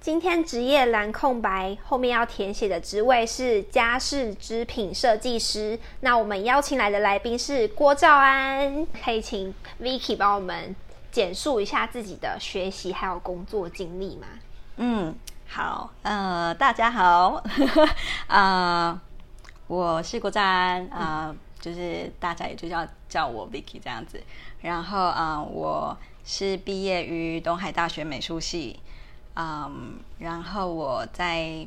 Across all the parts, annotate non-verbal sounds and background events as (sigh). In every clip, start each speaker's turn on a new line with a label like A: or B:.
A: 今天職業欄空白，後面要填寫的職位是家飾織品設計師。那我們邀請來的來賓是郭兆安，可以請 Vicky 幫我們簡述一下自己的學習還有工作經歷嗎？嗯。好，
B: 呃，大家好，啊、呃，我是古占，啊、呃嗯，就是大家也就叫叫我 Vicky 這樣子，然後啊、呃，我是畢業於東海大學美術系，嗯、呃，然後我在，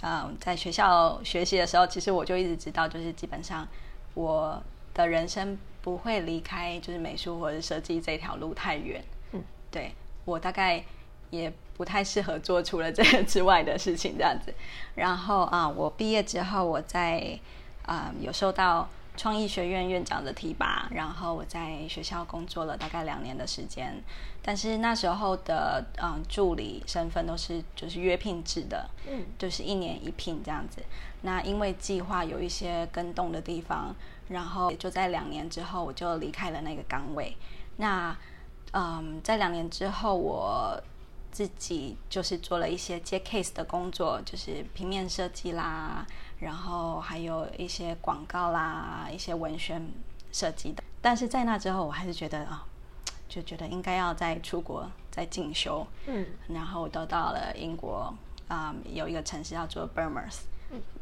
B: 啊、呃、在學校學習的時候，其實我就一直知道，就是基本上我的人生不會離開就是美術或者設計這條路太遠，嗯，對，我大概也，不太適合做除了這個之外的事情，這樣子。然後啊、嗯，我畢業之後，我在啊、嗯、有受到創意學院院長的提拔，然後我在學校工作了大概兩年的時間。但是那時候的嗯助理身份都是就是約聘制的，嗯，就是一年一聘這樣子。那因為計劃有一些更動的地方，然後也就在兩年之後我就離開了那個崗位。那嗯，在兩年之後我。自己就是做了一些接 case 的工作，就是平面設計啦，然後還有一些廣告啦，一些文宣設計的。但是在那之後，我還是覺得啊、哦，就覺得應該要再出國再進修。嗯，然後我到了英國，啊、嗯，有一個城市叫做 Bournemouth，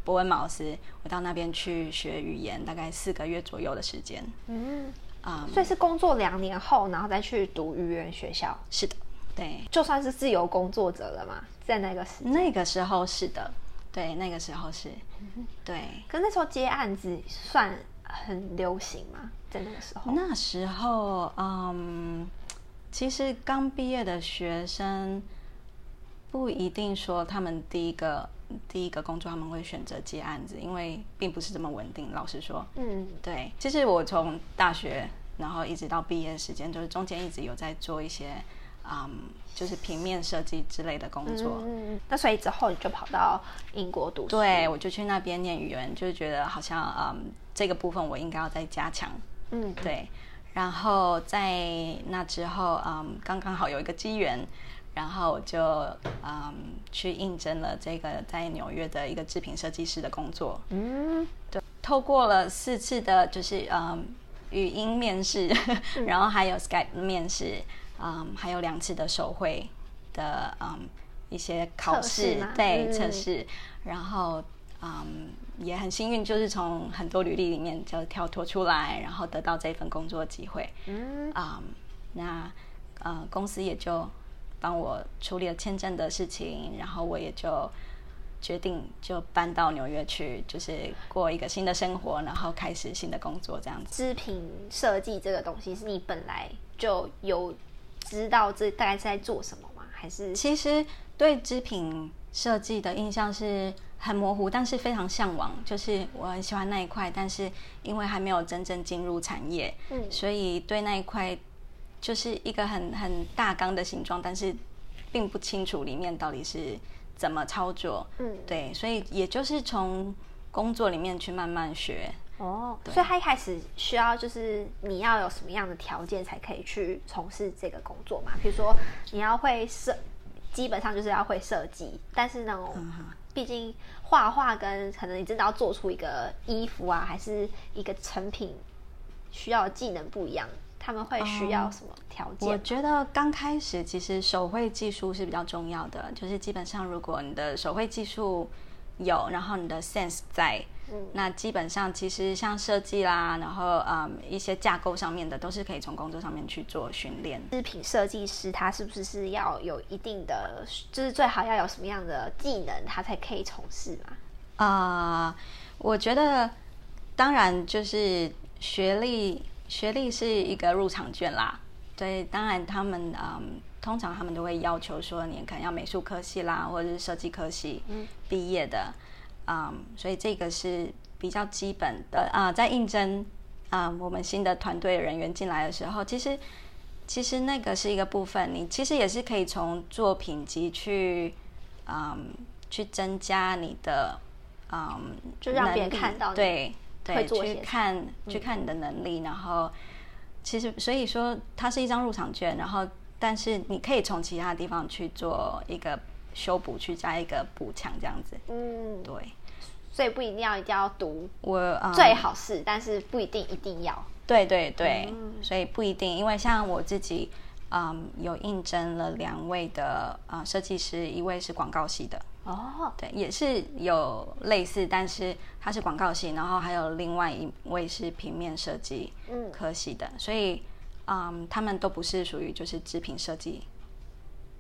B: 伯、嗯、恩茅斯。我到那邊去學語言，大概四個月左右的時間。
A: 嗯啊，um, 所以是工作兩年後，然後再去讀語言學校。是的。對，就算是自由工作者了嘛，在那個時，那個時候是的，對，那個時候是，嗯、對。可那時候接案子算很流行嗎？在那個時
B: 候，那時候，嗯，其實剛畢業的學生不一定說他們第一個第一個工作他們會選擇接案子，因為並不是這麼穩定。老實說，嗯，對。其實我從大學然後一直到畢業時間，就是中間一直有在做一些。Um, 就是平面設計之類的工作。嗯，那所以之後你就跑到
A: 英國讀書？對，
B: 我就去那邊念語言，就是覺得好像嗯，um, 這個部分我應該要再加強。嗯，對。然後在那之後，嗯，剛剛好有一個機緣，然後我就、um, 去應徵了這個在紐約的一個織品設計師的工作。嗯，對。透過了四次的就是嗯、um, 語音面試，嗯、 (laughs) 然後還有 Skype 面試。嗯，還有兩次的手繪的嗯一些考試對，測試，嗯，然後嗯也很幸運，就是從很多履歷裡面就跳脫出來，然後得到這份工作機會。嗯，啊、嗯、那呃公司也就幫我處理了簽證的事情，然後我也就決定就搬到紐約去，就是過一個新的生活，然後開始新的工作這
A: 樣子。織品設計這個東西是你本來就有。知道這大概是在做什麼嗎？還
B: 是其實對織品設計的印象是很模糊，但是非常向往，就是我很喜歡那一塊，但是因為還沒有真正進入產業，嗯，所以對那一塊就是一個很很大綱的形狀，但是並不清楚裡面到底是怎麼操作，嗯，對，所以也就是從工作裡面去慢慢學。
A: 哦，oh，所以他一開始需要就是你要有什麼樣的條件才可以去從事這個工作嘛？譬如說你要會設，基本上就是要會設計。但是呢，畢竟畫畫跟可能你真的要做出一個衣服啊，還是一個成品，需要的技能不一樣。他們會需要什麼條件？Oh, 我
B: 覺得剛開始其實手繪技術是比較重要的，就是基本上如果你的手繪技術。有，然後你的 sense 在、嗯，那基本上其實像設計啦，然後啊、um, 一些架構上面的，都是可以從工作上面去做訓練。
A: 織品設計師他是不是是要有一定的，就是最好要有什麼樣的技能，他才可以從事嘛？
B: 啊、呃，我覺得當然就是學歷，學歷是一個入場券啦。對，當然他們嗯。Um, 通常他們都會要求說，你可能要美術科系啦，或者是設計科系、嗯、畢業的，啊、嗯，所以這個是比較基本的啊、呃。在應徵啊、呃，我們新的團隊人員進來的時候，其實其實那個是一個部分，你其實也是可以從作品集去，嗯，去增加你的，嗯，就讓別人看到你，對對、對，去看、嗯、去看你的能力，然後其實所以說它是一張入場券，然後。但是你可以從其他地方去做一個修補，去加一個補強這樣子。嗯，
A: 對，所以不一定要一定要讀
B: 我、嗯、最好
A: 是，但是不一定一定要。
B: 對對對、嗯，所以不一定，因為像我自己，嗯，有應徵了兩位的呃設計師，一位是廣告系的哦，對，也是有類似，但是他是廣告系，然後還有另外一位是平面設計科系的，嗯、所以。嗯、um,，他們都不是屬於就是織品設計，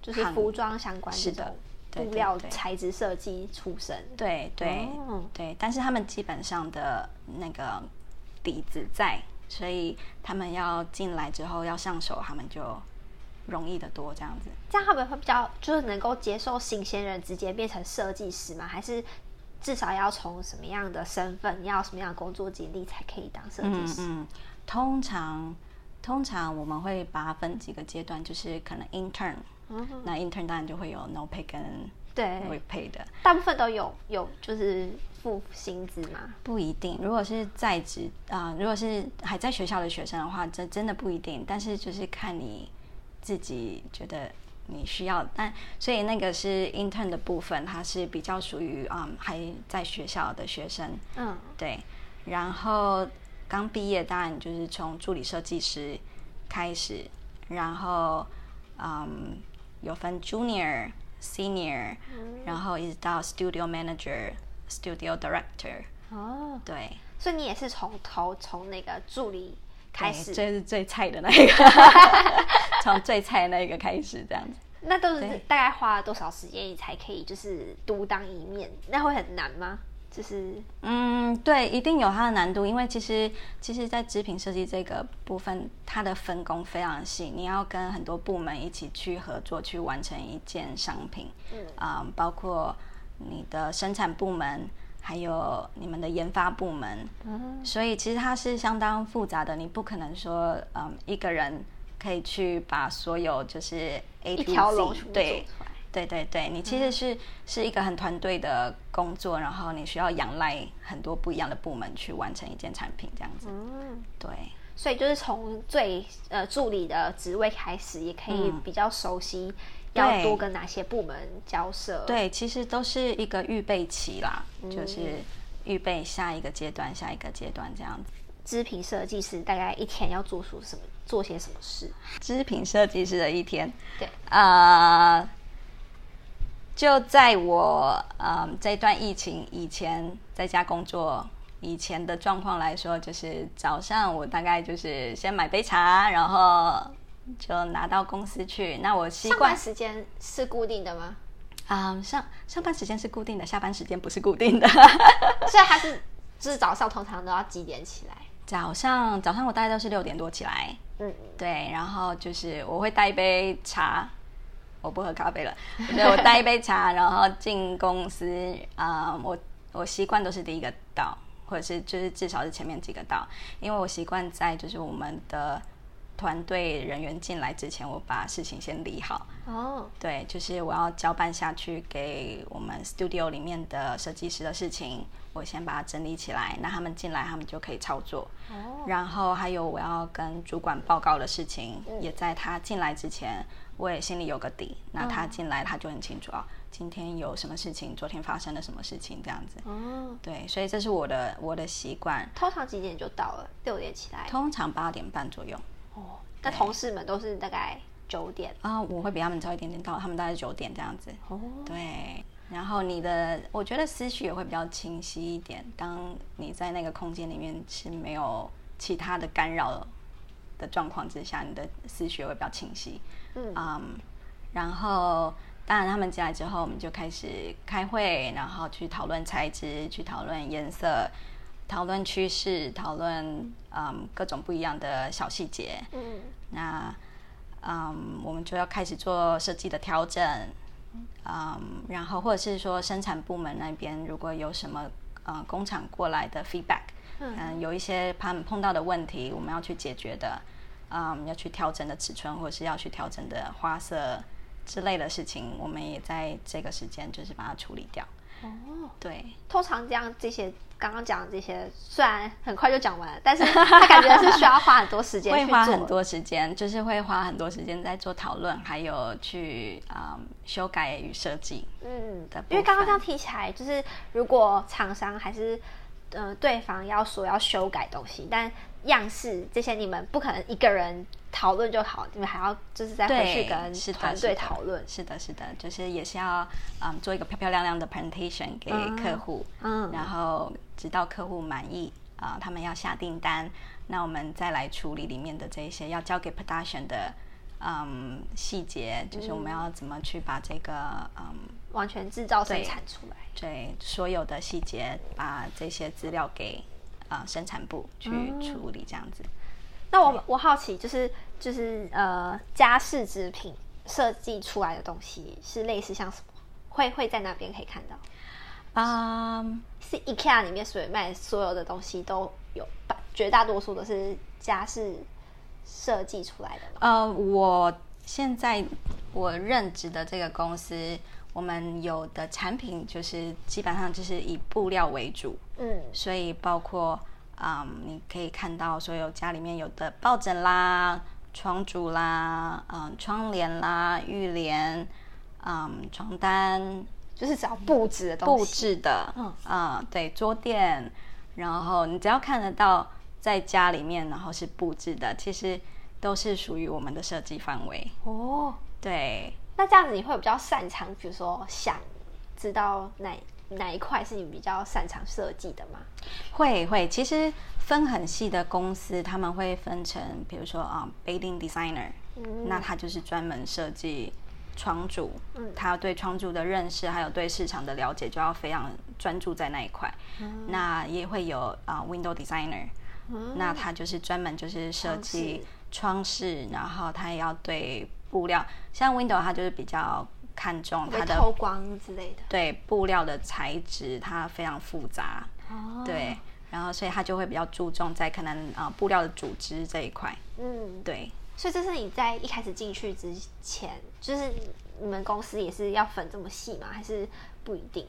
A: 就是服裝相關的是的，布料材
B: 質設計出身。對對對、oh. 對，但是他們基本上的那個底子在，
A: 所以他們要進來之後要上手，他們就容易的多。這樣子，這樣他們會比較就是能夠接受新鮮人直接變成設計師嗎？還是至少要從什麼樣的身份，要什麼樣的工作經歷才可以當設計師？嗯嗯、通常。通常我們會把它分幾個階段，就是可能 intern，、嗯、那
B: intern 當然就會有 no pay 跟對、no、會 pay 的，
A: 大部分都有有就是付薪資嘛，
B: 不一定。如果是在職啊、呃，如果是還在學校的學生的話，這真的不一定。但是就是看你自己覺得你需要，但所以那個是 intern 的部分，它是比較屬於啊、um, 還在學校的學生，嗯對，然後。剛畢業，當然就是從助理設計師開始，然後、嗯、有分 junior senior、嗯、senior，然後一直到 studio manager、studio director。哦，
A: 對，所以你也是從頭從那個助理開始，這是最，最菜的那一個， (laughs) (laughs) 從最菜的那一個開始這樣子。 (laughs) 那都是大概花了多少時間，你才可以就是獨當一面？那會很難嗎？就是，
B: 嗯，對，一定有它的難度，因為其實，其實，在織品設計這個部分，它的分工非常細，你要跟很多部門一起去合作，去完成一件商品，嗯，啊、嗯，包括你的生產部門，還有你們的研發部門，嗯，所以其實它是相當複雜的，你不可能說，嗯，一個人可以去把所有就是 A2Z，一條龍對。嗯對對對，你其實是、嗯、是一個很團隊的工作，然後你需要仰賴很多不一樣的部門去完成一件產品這樣子。
A: 嗯，對。所以就是從最呃助理的職位開始，也可以比較熟悉要多跟哪些部門交涉。嗯、對，對，
B: 其實都是一個預備期啦、嗯，就是預備下一個階段，下一個階段這樣子。織品設
A: 計師大概一天要做出
B: 什麼，做些什麼事？織品設計師的一天，嗯、對啊。呃就在我嗯、這段疫情以前在家工作以前的狀況來說，就是早上我大概就是先買杯茶，然後就拿到公司去。那我
A: 習慣上班時間是固定的嗎？
B: 啊，上上班時間是固定的，下班時間不是固定的，
A: (laughs) 所以他是就是早上通常都要幾點起來？
B: 早上早上我大概都是六點多起來，嗯，對，然後就是我會帶一杯茶。 (laughs) 我不喝咖啡了，我帶一杯茶，然後進公司啊、 (laughs) 嗯。我我習慣都是第一個到，或者是就是至少是前面幾個到，因為我習慣在就是我們的團隊人員進來之前，我把事情先理好。哦、oh.，對，就是我要交辦下去給我們 studio 裡面的設計師的事情，我先把它整理起來，那他們進來他們就可以操作。哦、oh.，然後還有我要跟主管報告的事情，也在他進來之前。我也心裡有個底，那他進來他就很清楚啊、嗯。今天有什麼事情，昨天發生了什麼事情，這樣子。
A: 哦。對，
B: 所以這是我的我的習慣。
A: 通常幾點就到了？六點起來。通
B: 常八點半左右。
A: 哦。那同事們都是大概九點。
B: 啊、哦，我會比他們早一點點到，他們大概九點這樣子。哦。對，然後你的，我覺得思緒也會比較清晰一點。當你在那個空間裡面是沒有其他的干擾了。的狀況之下，你的思緒會比較清晰。嗯，um, 然後當然他們進來之後，我們就開始開會，然後去討論材質，去討論顏色，討論趨勢，討論嗯各種不一樣的小細節。嗯，那嗯、um, 我們就要開始做設計的調整。嗯，um, 然後或者是說生產部門那邊如果有什麼、呃、工廠過來的 feedback。嗯，嗯，有一些他們碰到的問題，我們要去解決的，嗯，要去調整的尺寸，或者是要去調整的花色之類的事情，我們也在這個時間就是把它處理掉。哦，
A: 對，通常這樣這些剛剛講的這些，雖然很快就講完了，但是他感覺是需要花很多時間， (laughs) 會花很多
B: 時間，就是會花很多時間在做討論，嗯、還有去啊、嗯、修改與設計。嗯，
A: 因為剛剛這樣提起來，就是如果廠商還是。呃，對方要說要修改東西，但樣式這些你們不可能一個人討論就好，你們還要就是再回去跟團隊討
B: 論。是的，是的，是的，是的，就是也是要嗯做一個漂漂亮亮的 presentation 給客戶，嗯，然後直到客戶滿意啊，呃，他們要下訂單，那我們再來處理裡面的這些要交給 production 的嗯細節，就是我們要怎麼去把這個嗯。
A: 完全製造生產出來，
B: 對，對所有的細節，把這些資料給啊、呃、生產部去處理，這樣子。
A: 嗯、那我我好奇、就是，就是就是呃，家飾織品設計出來的東西是類似像什麼？會會在哪邊可以看到？嗯，是，是 IKEA 裡面所賣所有的東西都有，絕大多數都是家飾設計出來的。
B: 呃，我。現在我任職的這個公司，我們有的產品就是基本上就是以布料為主，嗯，所以包括啊、嗯，你可以看到所有家裡面有的抱枕啦、床組啦、嗯，窗簾啦、浴簾，嗯，床單，就是只要布置的東西。布置的，嗯，啊、嗯，對，桌墊，然後你只要看得到在家裡面，然後是布置的，其實。都是屬於我們的設計範圍
A: 哦。
B: 對，
A: 那這樣子你會比較擅長，比如說，想知道哪哪一塊是你比較擅長設計的嗎？
B: 會會，其實分很細的公司，他們會分成，比如說啊 bedding designer、嗯、那他就是專門設計床組，他對床組的認識還有對市場的了解，就要非常專注在那一塊。嗯、那也會有啊，window designer、嗯、那他就是專門就是設計、嗯。窗飾，然後他也要對布料，像 window，它就是比較看重它的透
A: 光之類的。
B: 對布料的材質，它非常複雜。哦，對，然後所以它就會比較注重在可能啊、呃，布料的組織這一塊。嗯，
A: 對。所以這是你在一開始進去之前，就是你們公司也是要分這麼細嗎？還是不一定？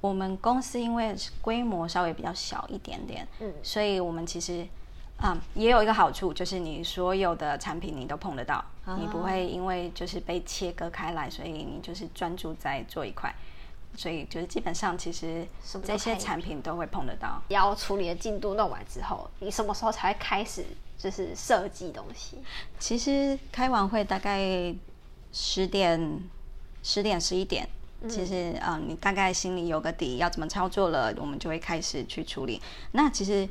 B: 我們公司因為規模稍微比較小一點點，嗯，所以我們其實。嗯，也有一個好處，就是你所有的產品你都碰得到，uh-huh. 你不會因為就是被切割開來，所以你就是專注在做一塊，所以就是基本上其實這些產品都會碰得到。
A: 要處理的進度弄完之後，你什麼時候才開始就是設計東西？
B: 其實開完會大概十點、十點、十一點，嗯、其實嗯，你大概心裡有個底要怎麼操作了，我們就會開始去處理。那其實。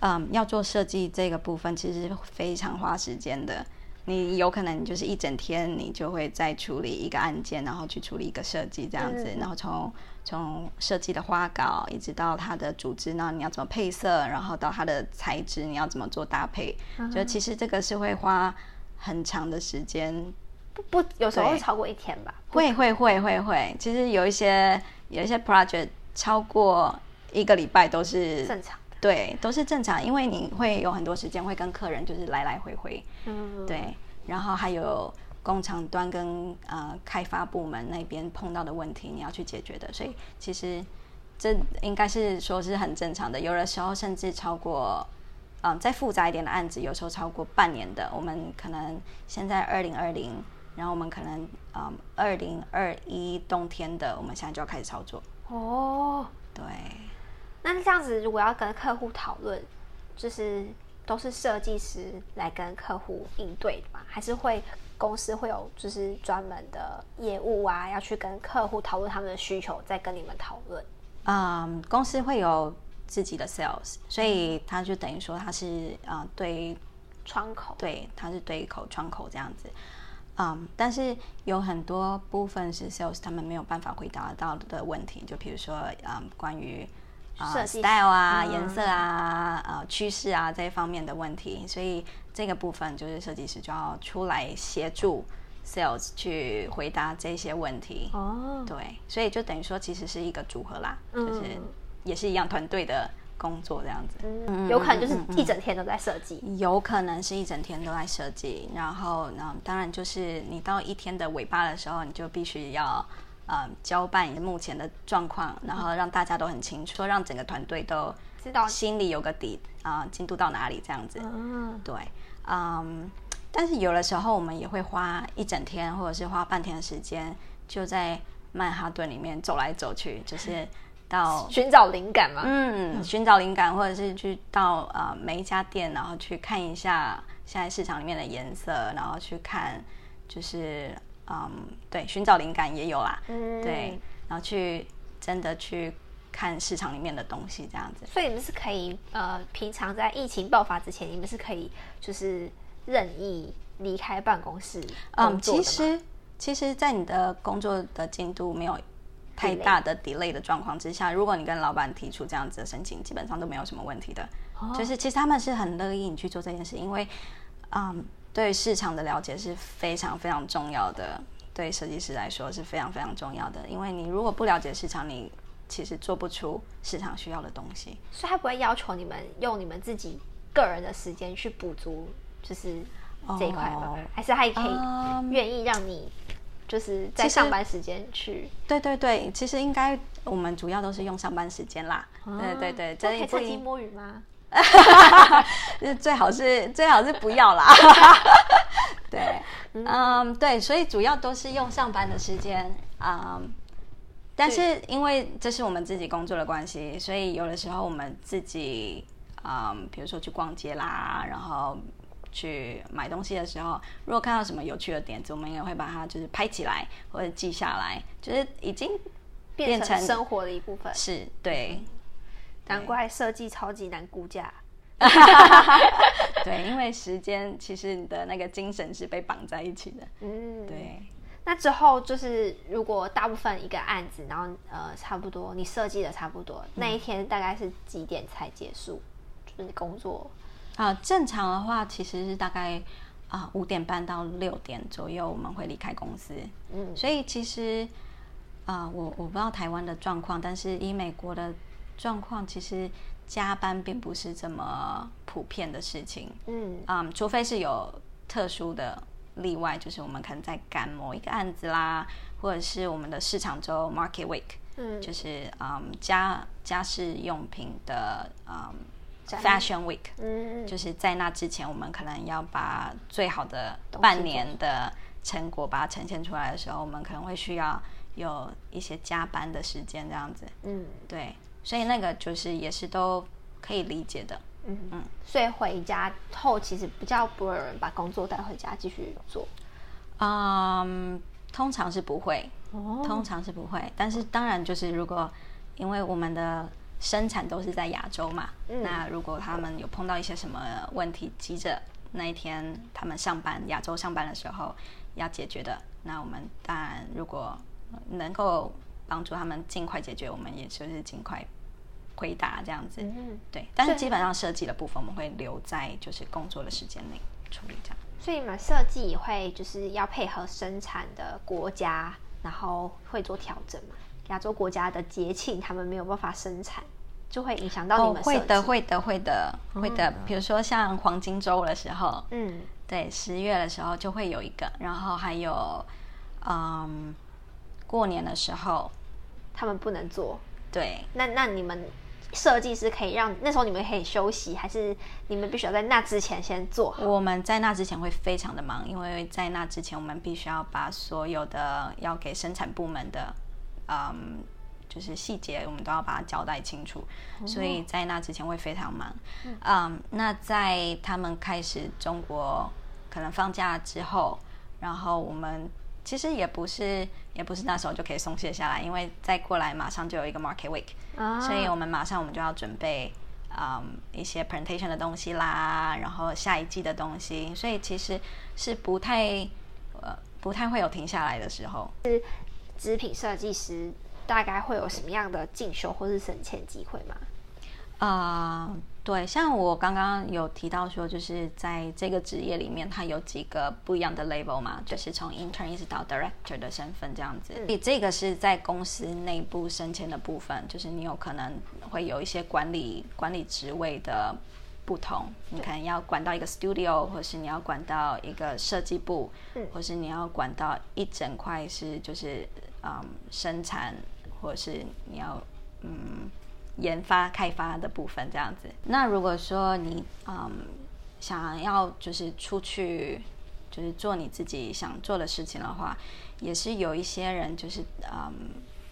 B: 嗯，要做設計這個部分其實是非常花時間的。你有可能你就是一整天，你就會在處理一個案件，然後去處理一個設計這樣子，嗯、然後從從設計的畫稿一直到它的組織呢，你要怎麼配色，然後到它的材質你要怎麼做搭配、嗯，就其實這個是會花很長的時間，不不，有時候會超過一天吧。會會會會會，其實有一些有一些 project 超過一個禮拜都是正常。對，都是正常，因為你會有很多時間會跟客人就是來來回回
A: ，mm -hmm. 對，
B: 然後還有工廠端跟呃開發部門那邊碰到的問題你要去解決的，所以其實這應該是說是很正常的。有的時候甚至超過，嗯、呃，再複雜一點的案子，有時候超過半年的，我們可能現在二零二零，然後我們可能呃二零二一冬天的，我們現在就要開始操作哦，oh. 對。
A: 那這樣子，如果要跟客戶討論，就是都是設計師來跟客戶應對的嘛？還是會公司會有就是專門的業務啊，要去跟客戶討論他們的需求，再跟你們討論？嗯、
B: um,，公司會有自己的 sales，所以他就等於說他是啊、嗯，對窗口，對，他是對口窗口這樣子。嗯、um,，但是有很多部分是 sales 他們沒有辦法回答到的問題，就比如說嗯關於。啊色系，style 啊，顏色啊、嗯，啊，趨勢啊，這一方面的問題，所以這個部分就是設計師就要出來協助 sales 去回答這些問題。哦，對，所以就等於說其實是一個組合啦，嗯、就是也是一樣團隊的工作這樣子、嗯。有可能就是一整天都在設計，有可能是一整天都在設計，嗯、然後那當然就是你到一天的尾巴的時候，你就必須要。呃，交辦以目前的狀況，然後讓大家都很清楚，讓整個團隊都知道，心裡有個底啊，呃，進度到哪裡這樣子。嗯，對，嗯，但是有的時候我們也會花一整天，或者是花半天的時間，就在曼哈頓裡面走來走去，就是到尋找靈感
A: 嘛，嗯，
B: 尋找靈感，或者是去到呃每一家店，然後去看一下現在市場裡面的顏色，然後去看就是。嗯，對，尋找靈感也有啦。嗯，對，然後去真的去看市場裡面的東西，這樣子。所
A: 以你們是可以呃，平常在疫情爆發之前，你們是可以就是任意離開辦公室工作。嗯，其實
B: 其實，在你的工作的進度沒有太大的 delay 的狀況之下，如果你跟老闆提出這樣子的申請，基本上都沒有什麼問題的。哦，就是其實他們是很樂意你去做這件事，因為嗯。對市場的了解是非常非常重要的，對設計師來說是非常非常重要的。因為你如果不了解市場，你其實做不出市場需要的東西。
A: 所以，他不會要求你們用你們自己個人的時間去補足，就是這一塊吧？Oh, 還是他也可以願意讓你，就是在上班時間去？
B: 對對對，其實應該我們主要都是用上班時間啦。Oh, 對對對，這哦、可以趁機摸魚嗎？哈哈哈哈哈，最好是最好是不要啦， (laughs) 對，嗯， (noise) um, 對，所以主要都是用上班的時間，嗯，um，但是因為這是我們自己工作的關係，所以有的時候我們自己，嗯，比如說去逛街啦，然後去買東西的時候，如果看到什麼有趣的點子，我們也會把它就是拍起來或者記下來，就是已經變成，變成生
A: 活的一部分，是對。嗯難怪設計超級難估價，
B: (laughs) (laughs) 對，因
A: 為時間其實你的那個精神是被綁在一起的。嗯，對。那之後就是，如果大部分一個案子，然後呃，差不多你設計的差不多、嗯，那一天大概是幾點才結束？就是工作啊、
B: 呃，正常的話其實是大概啊呃、五點半到六點左右我們會離開公司。嗯，所以其實啊、呃，我我不知道台灣的狀況，但是以美國的。狀況其實加班並不是這麼普遍的事情，嗯，啊、嗯，除非是有特殊的例外，就是我們可能在趕某一個案子啦，或者是我們的市場週 （market week），嗯，就是嗯家家飾用品的、嗯、fashion week，嗯，
A: 嗯，就
B: 是在那之前，我們可能要把最好的半年的成果把它呈現出來的時候，嗯、我們可能會需要有一些加班的時間，這樣子，嗯，對。所以那個
A: 就是也是都可以理解的，嗯嗯。所以回家後其實比較不會有人把工作帶回家繼續做，
B: 嗯，通常是不會，哦、
A: 通常
B: 是不會。但是當然就是如果因為我們的生產都是在亞洲嘛、嗯，那如果他們有碰到一些什麼問題，急着、嗯、那一天他們上班、嗯、亞洲上班的時候要解決的，那我們當然如果能夠幫助他們盡快解決，我們也就是盡快。回答這樣子，嗯嗯，對，但是基本上設計的部分我們會留在就是工作的時間內處理，這樣。
A: 所以你們設計會就是要配合生產的國家，然後會做調整嘛？亞洲國家的節慶他們沒有辦法生產，就會影響到你們。哦，會的，會的，會的，會、嗯、的。比如說像黃金週的時候，嗯，
B: 對，十月的時候就會有一個，然後還有
A: 嗯，過年的時候他們不能做。對，那那你們。設計師可以讓那時候你們可以休息，還是你們必須要在那之前先做？我們在那之前會非常的忙，因為在那之前我們必須要把所有的
B: 要給生產部門的，嗯，就是細節我們都要把它交代清楚，嗯、所以在那之前會非常忙。嗯，嗯，那在他們開始中國可能放假之後，然後我們。其實也不是，也不是那時候就可以鬆懈下來，因為再過來馬上就有一個 market week，、oh. 所以我們馬上我們就要準備，嗯、um,，一些 presentation 的東西啦，然後下一季的東西，所以其實是不太，呃、不太會有停下來的時候。
A: 織品設計師大概會有什麼樣的進修或是升遷機會嗎？
B: 啊。對，像我剛剛有提到說，就是在這個職業裡面，它有幾個不一樣的 label 嘛,就是從 intern 到 director 的身份這樣子。你、嗯、這個是在公司內部升遷的部分,就是你有可能會有一些管理管理職位的不同,你可能要管到一個 studio，或是你要管到一個設計部，或是你要管到一整塊是就是、嗯、生產，或是你要嗯。研發開發的部分這樣子。那如果說你嗯想要就是出去，就是做你自己想做的事情的話，也是有一些人就是嗯，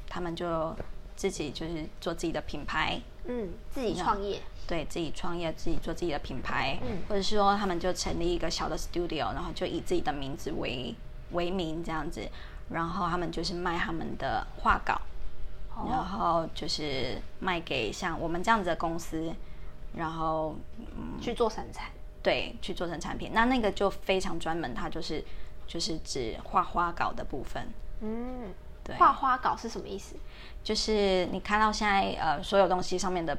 B: 他們就自己就是做自己的品牌，
A: 嗯，自己創業，
B: 對，自己創業，自己做自己的品牌，嗯，或者說他們就成立一個小的 studio，然後就以自己的名字為為名這樣子，然後他們就是賣他們的畫稿。然後就是賣給像我們這樣子的公司，然後、嗯、去做生產。對，去做成產品。那那個就非常專門，它就是就是指畫花稿的部分。嗯，
A: 對。畫花稿是什麼意思？
B: 就是你看到現在呃所有東西上面的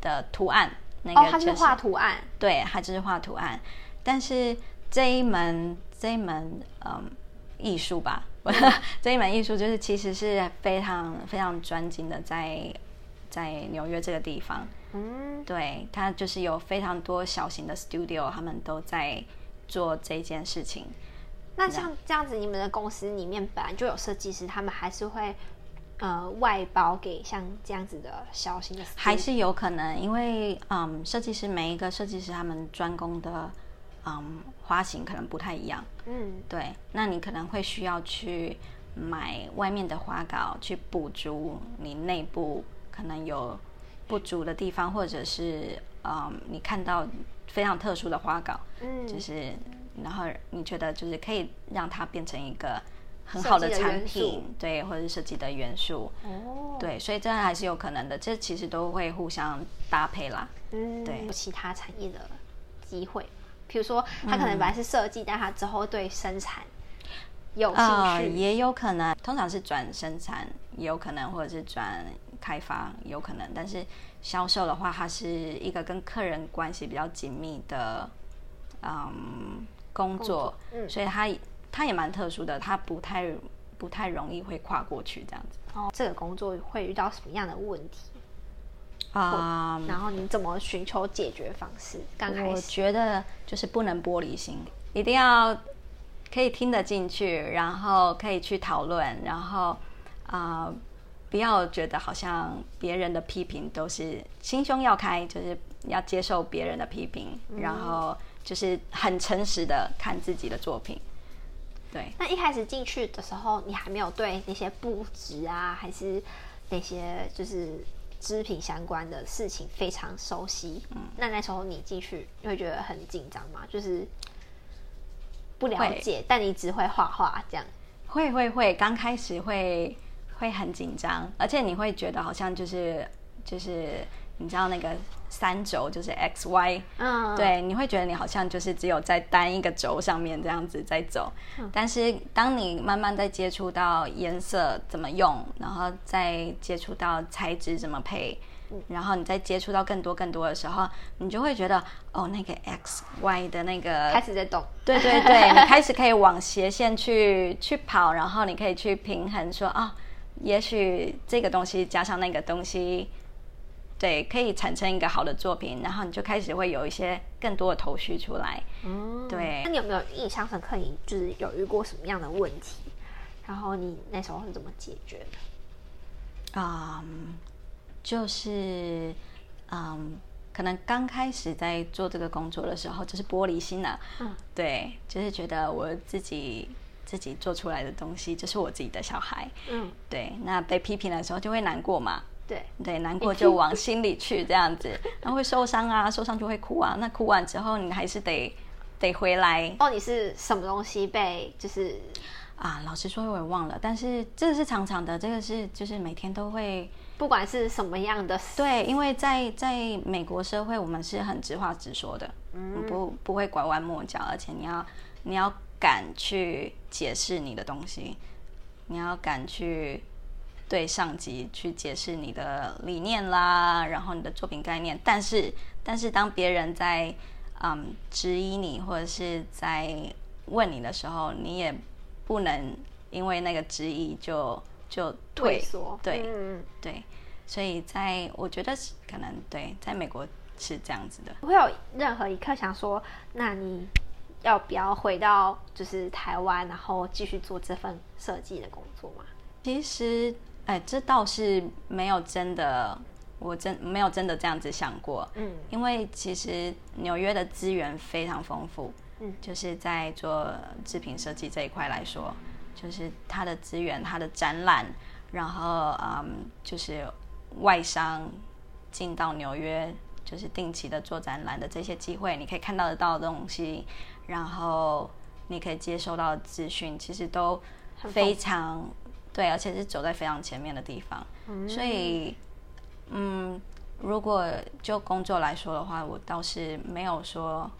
B: 的圖案，那個、就是哦、是畫圖案。對，它就是畫圖案。但是這一門這一門嗯。藝術吧， (laughs) 這一門藝術就是其實是非常非常專精的，在，在在紐約這個地方，嗯，對，它就是有非常多小型的 studio，他們都在做這件事情。
A: 那像這樣子，你們的公司裡面本來就有設計師，他們還是會、呃、外包給像這樣子的小型的 studio，還是
B: 有可能，因為嗯，設計師每一個設計師他們專攻的。嗯，花型可能不太一樣。嗯，對，那你可能會需要去買外面的花稿去補足你內部可能有不足的地方，或者是嗯，你看到非常特殊的花稿，嗯，就是然後你覺得就是可以讓它變成一個很好的產品，對，或者是設計的元素，
A: 哦，對，
B: 所以這樣還是有可能的，這其實都會互相搭配啦。嗯，
A: 對，不其他產業的機會。比如說，他可能本來是設計，嗯，但他之後對生產有興趣，呃、也
B: 有可能。通常是轉生產，也有可能，或者是轉開發，也有可能。但是銷售的話，它是一個跟客人關係比較緊密的，嗯，工作，工作嗯、所以他他也蠻特殊的，他不太
A: 不太容易
B: 會跨過去這樣子。
A: 哦，這個工作會遇到什麼樣的問題？啊、嗯，然後你怎麼尋求解決方式？剛開始我覺
B: 得就是不能玻璃心，一定要可以聽得進去，然後可以去討論，然後啊、呃，不要覺得好像別人的批評都是心胸要開，就是要接受別人的批評，嗯、然後就是很誠實的看自己的作品。
A: 對，那一開始進去的時候，你還沒有對那些布置啊，還是那些就是。織品相關的事情非常熟悉，嗯、那那時候你進去會覺得很緊張嗎？就是不了解，但你只會畫畫這樣。
B: 會會會，剛開始會會很緊張，而且你會覺得好像就是就是。你知道那個三軸就是 X Y，嗯、uh，對，你會覺得你好像就是只有在單一個軸上面這樣子在走，uh, 但是當你慢慢在接觸到顏色怎麼用，然後再接觸到材質怎麼配，uh, 然後你再接觸到更多更多的時候，你就會覺得哦，那個 X Y 的那個開始
A: 在動， (laughs) 對對對， (laughs) 你開
B: 始可以往斜線去去跑，然後你可以去平衡說啊、哦，也許這個東西加上那個東西。對，可以產生一個好的作品，然後你就開始會有一些更多的頭緒出來。嗯，
A: 對。那你有沒有印象深刻就是有遇過什麼樣的問題，然後你那時候是怎麼解決的？啊、嗯，就是
B: 嗯，可能剛開始在做這個工作的時候，就是玻璃心了。嗯，對，就是覺得我自己自己做出來的東西就是我自己的小孩。嗯，對。那被批評的時候就會難過嘛。對對，難過就往心裡去 (laughs) 這樣子，然後會受傷啊，受傷就會哭啊，那哭完之後你還是得得回來。到底是什麼東西被就是啊？老實說，我也忘了。但是這個是常常的，這個是就是每天都會，不管是什麼樣的。對，因為在在美國社會，我們是很直話直說的，嗯、不不會拐彎抹角，而且你要你要敢去解釋你的東西，你要敢去。對上級去解釋你的理念啦，然後你的作品概念，但是但是當別人在嗯質疑你或者，是在問你的時候，你也不能因為那個質疑就就退縮。對、嗯，對，所以在我覺得是可能對，在美國是這樣子的。
A: 不會有任何一刻想說，那你要不要回到就是台灣，然後繼續做這份設計的工作嗎？
B: 其實。哎，這倒是沒有真的，我真沒有真的這樣子想過。嗯，因為其實紐約的資源非常豐富。嗯，就是在做織品設計這一塊來說，就是它的資源、它的展覽，然後嗯，就是外商進到紐約，就是定期的做展覽的這些機會，你可以看到得到的東西，然後你可以接收到資訊，其實都非常。對，而且是走在非常前面的地方，
A: 嗯，所以，
B: 嗯，如果就工作來說的話，我倒是沒有說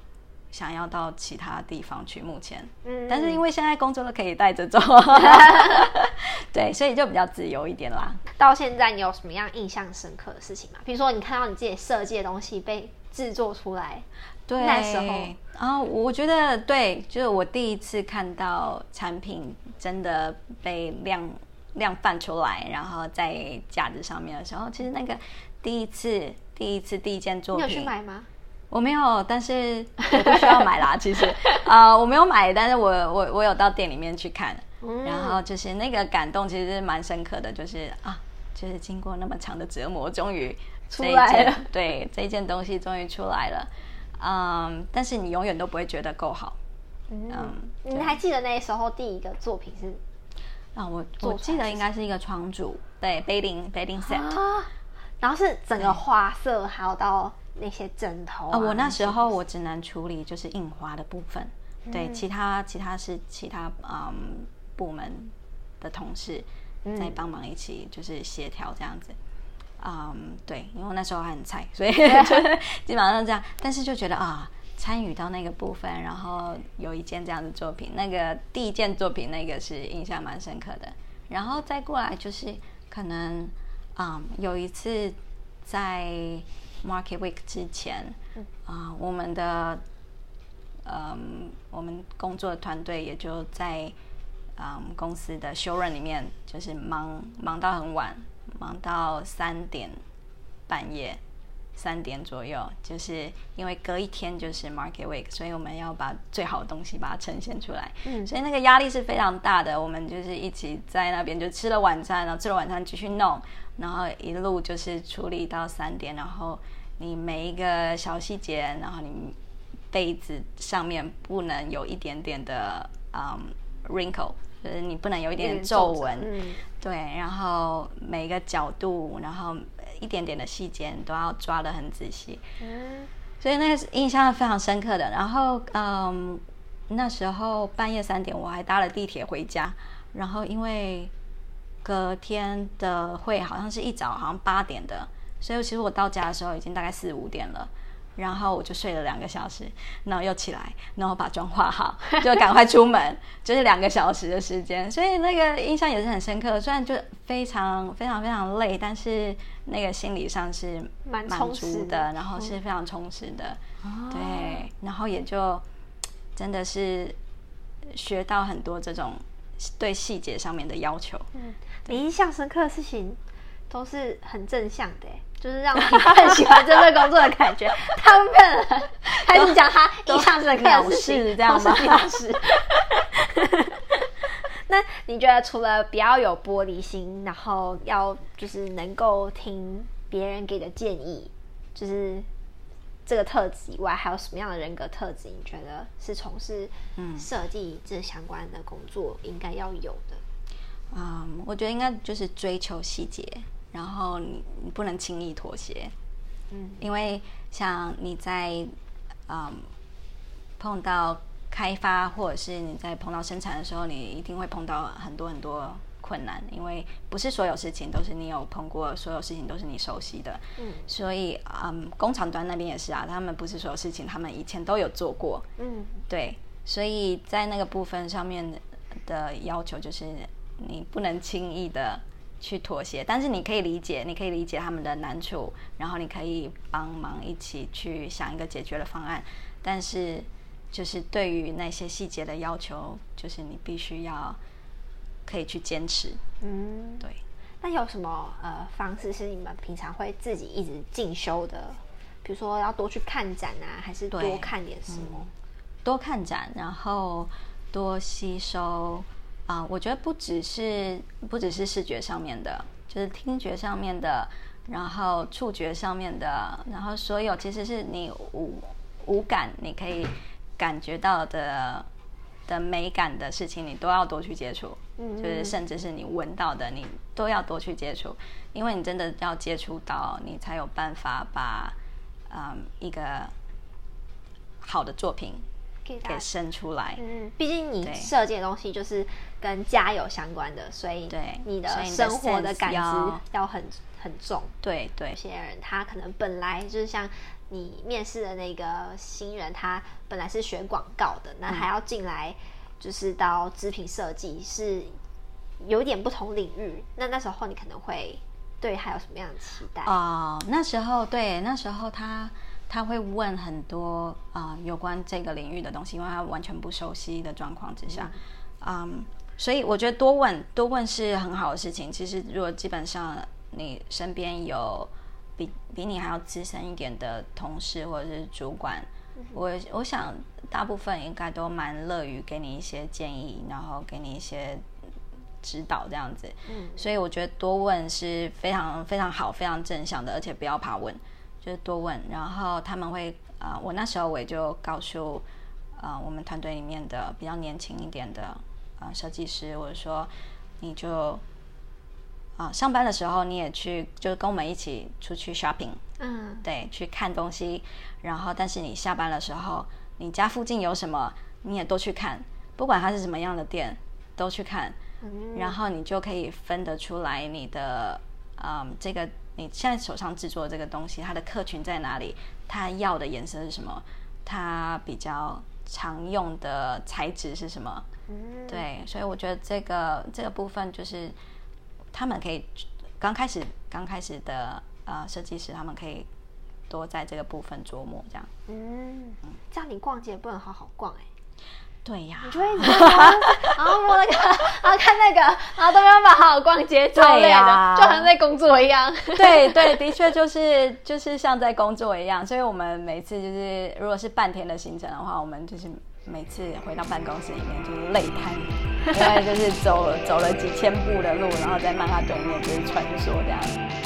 B: 想要到其他地方去。目前，嗯，但是因為現在工作都可以帶着走， (laughs) (laughs) 對，所以就比較自由一點啦。
A: 到現在，你有什麼樣印象深刻的事情嗎？比如說，你看到你自己設計的東西被制作出來，對那時候啊，
B: 哦，我覺得對，就是我第一次看到產品真的被量。量販出來，然後在架子上面的時候，其實那個第一次、第一次、第一件作品，你有去買嗎？我沒有，但是我不需要買啦。 (laughs) 其實啊、呃，我沒有買，但是我我我有到店裡面去看，嗯、然後就是那個感動，其實是蠻深刻的。就是啊，就是經過那麼長的折磨，終於出來了。對，這一件東西終於出來了。嗯，但是你永遠都不會覺得夠好。
A: 嗯，嗯，你還記得那時候第一個作品是？啊，我我記得應該是一個床組，對，bedding bedding set，啊、然後是整個花色，還有到那些枕頭啊，啊。我那時
B: 候我只能處理就是印花的部分，嗯、
A: 對，其他
B: 其他是其他、嗯、部門的同事、嗯、在幫忙一起就是協調這樣子，嗯，對，因為我那時候還很菜，所以、啊、 (laughs) 基本上這樣，但是就覺得啊。參與到那個部分，然後有一件這樣的作品，那個第一件作品那個是印象蠻深刻的。然後再過來就是可能啊、嗯，有一次在 market week 之前，啊、嗯嗯，我們的嗯，我們工作團隊也就在嗯公司的 showroom 裡面，就是忙忙到很晚，忙到三點半夜。三點左右，就是因為隔一天就是 market week，所以我們要把最好的東西把它呈現出來。嗯，所以那個壓力是非常大的。我們就是一起在那邊就吃了晚餐，然後吃了晚餐繼續弄，然後一路就是處理到三點。然後你每一個小細節，然後你被子上面不能有一點點的、um, wrinkle，就是你不能有一點皺紋有點。對、嗯。對，然後每一個角度，然後。一點點的細節你都要抓得很仔細，所以那個印象非常深刻的。然後，嗯，那時候半夜三點，我還搭了地鐵回家。然後因為隔天的會好像是一早，好像八點的，所以其實我到家的時候已經大概四五點了。然後我就睡了兩個小時，然後又起來，然後把妝化好，就趕快出門， (laughs) 就是兩個小時的時間。所以那個印象也是很深刻。雖然就非常非常非常累，但是那個心理上是
A: 滿足蠻充實的，然後是非
B: 常充實的。
A: 嗯。對，
B: 然後也就真的是學到很多這種對細節上面的要
A: 求。嗯，你印象深刻的事情都是很正向的？就是讓他很喜歡這份工作的感覺。 (laughs) 他本人還是講他一向是個老師這樣嗎？老師， (laughs) (laughs) 那你覺得除了比較有玻璃心，然後要就是能夠聽別人給的建議，就是這個特質以外，還有什麼樣的人格特質？你覺得是從事嗯設計這相關的工作應該要有的？
B: 嗯，我覺得應該就是追求細節。然後你你不能輕易妥協，嗯，因為像你在嗯碰到開發或者是你在碰到生產的時候，你一定會碰到很多很多困難，因為不是所有事情都是你有碰過，所有事情都是你熟悉的，
A: 嗯，
B: 所以嗯工廠端那邊也是啊，他們不是所有事情他們以前都有做過，嗯，對，所以在那個部分上面的要求就是你不能輕易的，去妥協，但是你可以理解，你可以理解他們的難處，然後你可以幫忙一起去想一個解決的方案。但是，就是對於那些細節的要求，就是你必須要可以去堅持。嗯，
A: 對。那有什麼呃方式是你們平常會自己一直進修的，呃？比如說要多去看展啊，還是多看點什麼？嗯，多看展，然後多吸收。啊、uh，我覺得不只是
B: 不只是視覺上面的，就是聽覺上面的，然後觸覺上面的，然後所有其實是你五,五感你可以感覺到的的美感的事情，你都要多去接觸嗯嗯，就是甚至是你聞到的，你都要多去接觸，因為你真的要接觸到，你才有辦法把、嗯、一個好的作品給生
A: 出來。嗯，畢竟你設計的東西就是。跟家有相關的，所以對你的生活的感知要很很重。對對，有些人他可能本來就是像你面試的那個新人，他本來是學廣告的，那、嗯、還要進來就是到織品設計，是有點不同領域。那那時候你可能會對他有什麼樣的期待？哦、
B: 呃，那時候對，那時候他他會問很多啊、呃、有關這個領域的東西，因為他完全不熟悉的狀況之下，嗯。Um, 所以我覺得多問多問是很好的事情。其實如果基本上你身邊有比比你還要資深一點的同事或者是主管，我我想大部分應該都蠻樂於給你一些建議，然後給你一些指導這樣子。所以我覺得多問是非常非常好、非常正向的，而且不要怕問，就是多問。然後他們會啊、呃，我那時候我也就告訴啊、呃，我們團隊裡面的比較年輕一點的。啊，設計師，我說，你就啊，上班的時候你也去，就是跟我們一起出去 shopping，嗯，對，去看東西。然後，但是你下班的時候，你家附近有什麼，你也都去看，不管它是什麼樣的店，都去看。嗯、然後，你就可以分得出來，你的嗯，這個你現在手上制作的這個東西，它的客群在哪裡？它要的顏色是什麼？它比較常用的材質是什麼？嗯、對，所以我覺得這個這個部分就是他們可以剛開始剛開始的、呃、設計師，他們可以多在這個部分琢磨這樣。
A: 嗯，嗯，這樣你逛街不能好好逛哎、欸。對呀，啊，就會 (laughs) 然後摸那個，然後看那個，然後都沒有辦法好好逛街，對呀、啊，就好像在工作一樣。嗯、對對，的確就是就
B: 是像在工作一樣， (laughs) 所以我們每次就是如果是半天的行程的話，我們就是。每次回到辦公室裡面就是累癱，因為就是走了走了幾千步的路，然後在曼哈頓裡面就是穿梭這樣。